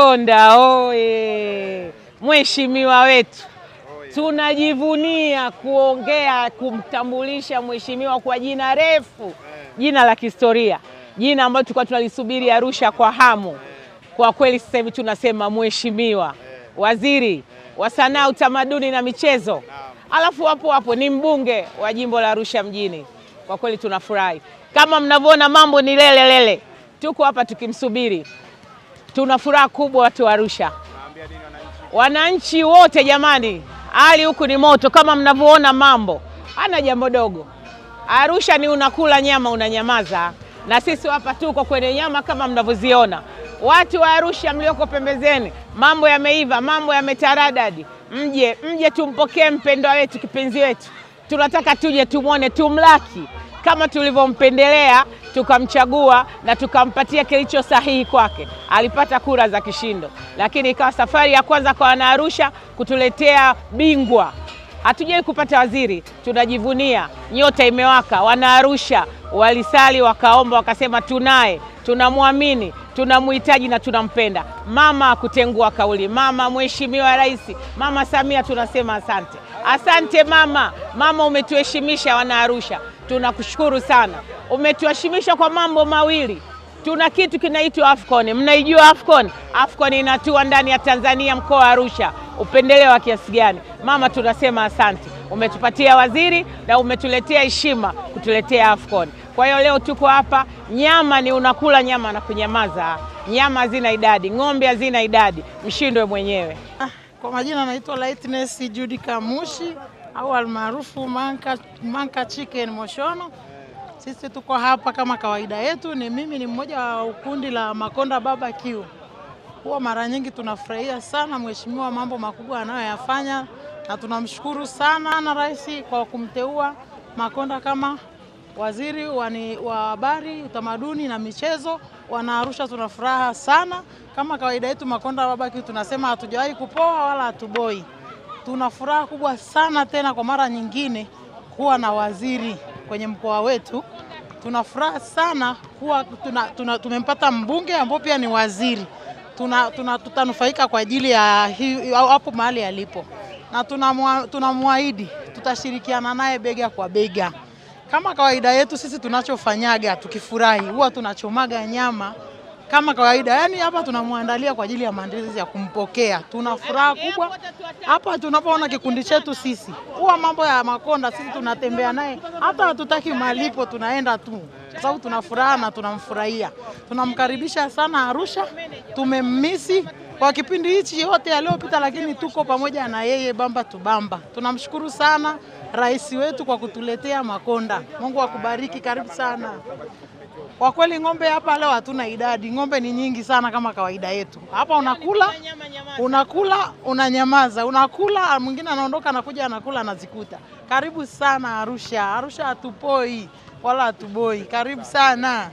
Konda oye! Mheshimiwa wetu tunajivunia kuongea kumtambulisha mheshimiwa kwa jina refu, jina la kihistoria, jina ambalo tulikuwa tunalisubiri Arusha kwa hamu. Kwa kweli sasa hivi tunasema mheshimiwa waziri wa sanaa, utamaduni na michezo, alafu hapo hapo ni mbunge wa jimbo la Arusha mjini. Kwa kweli tunafurahi, kama mnavyoona mambo ni lelelele lele. Tuko hapa tukimsubiri Tuna furaha kubwa watu wa Arusha, wananchi wote. Jamani, hali huku ni moto kama mnavyoona, mambo hana jambo dogo. Arusha ni unakula nyama unanyamaza, na sisi hapa tuko kwenye nyama kama mnavyoziona. Watu wa Arusha mlioko pembezeni, mambo yameiva, mambo yametaradadi, mje mje tumpokee mpendwa wetu, kipenzi wetu tunataka tuje tumwone, tumlaki kama tulivyompendelea tukamchagua na tukampatia kilicho sahihi kwake. Alipata kura za kishindo, lakini ikawa safari ya kwanza kwa Wanaarusha kutuletea bingwa. Hatujai kupata waziri, tunajivunia. Nyota imewaka. Wanaarusha walisali wakaomba, wakasema tunaye, tunamwamini, tunamhitaji na tunampenda. Mama akutengua kauli, mama Mheshimiwa Rais, Mama Samia, tunasema asante. Asante mama, mama umetuheshimisha Wanaarusha, tunakushukuru sana. Umetuheshimisha kwa mambo mawili, tuna kitu kinaitwa AFCON. Mnaijua AFCON? AFCON inatua ndani ya Tanzania, mkoa wa Arusha. Upendeleo wa kiasi gani mama, tunasema asante. Umetupatia waziri na umetuletea heshima kutuletea AFCON. Kwa hiyo leo tuko hapa, nyama ni unakula nyama na kunyamaza. Nyama hazina idadi, ng'ombe hazina idadi, mshindwe mwenyewe. Ah. Kwa majina anaitwa Lightness Judika Mushi au almaarufu Manka, Manka Chicken Moshono. Sisi tuko hapa kama kawaida yetu, ni mimi ni mmoja wa ukundi la Makonda Barbecue. Huwa mara nyingi tunafurahia sana mheshimiwa mambo makubwa anayoyafanya, na tunamshukuru sana na rais kwa kumteua Makonda kama waziri wani, wa habari, utamaduni na michezo. Wanaarusha tuna furaha sana. Kama kawaida yetu, Makonda Babaki tunasema hatujawahi kupoa wala hatuboi. Tuna furaha kubwa sana tena kwa mara nyingine kuwa na waziri kwenye mkoa wetu. Tuna furaha sana kuwa tuna, tuna, tumempata mbunge ambao pia ni waziri tuna, tuna, tutanufaika kwa ajili ya hapo mahali alipo, na tunamwaahidi tutashirikiana naye bega kwa bega. Kama kawaida yetu sisi tunachofanyaga tukifurahi, huwa tunachomaga nyama kama kawaida. yani hapa tunamwandalia kwa ajili ya maandalizi ya kumpokea. Tuna furaha kubwa hapa tunapoona kikundi chetu. Sisi huwa mambo ya Makonda sisi tunatembea naye, hata hatutaki malipo, tunaenda tu kwa sababu tuna furaha na tunamfurahia. Tunamkaribisha sana Arusha, tumemmisi kwa kipindi hichi yote yaliyopita, lakini tuko pamoja na yeye bamba tubamba. Tunamshukuru sana rais wetu kwa kutuletea Makonda. Mungu akubariki, karibu sana. Kwa kweli ng'ombe hapa leo hatuna idadi, ng'ombe ni nyingi sana kama kawaida yetu hapa. Unakula, unakula, unanyamaza, unakula, mwingine anaondoka, anakuja, anakula, anazikuta. Karibu sana Arusha. Arusha hatupoi wala hatuboi. Karibu sana.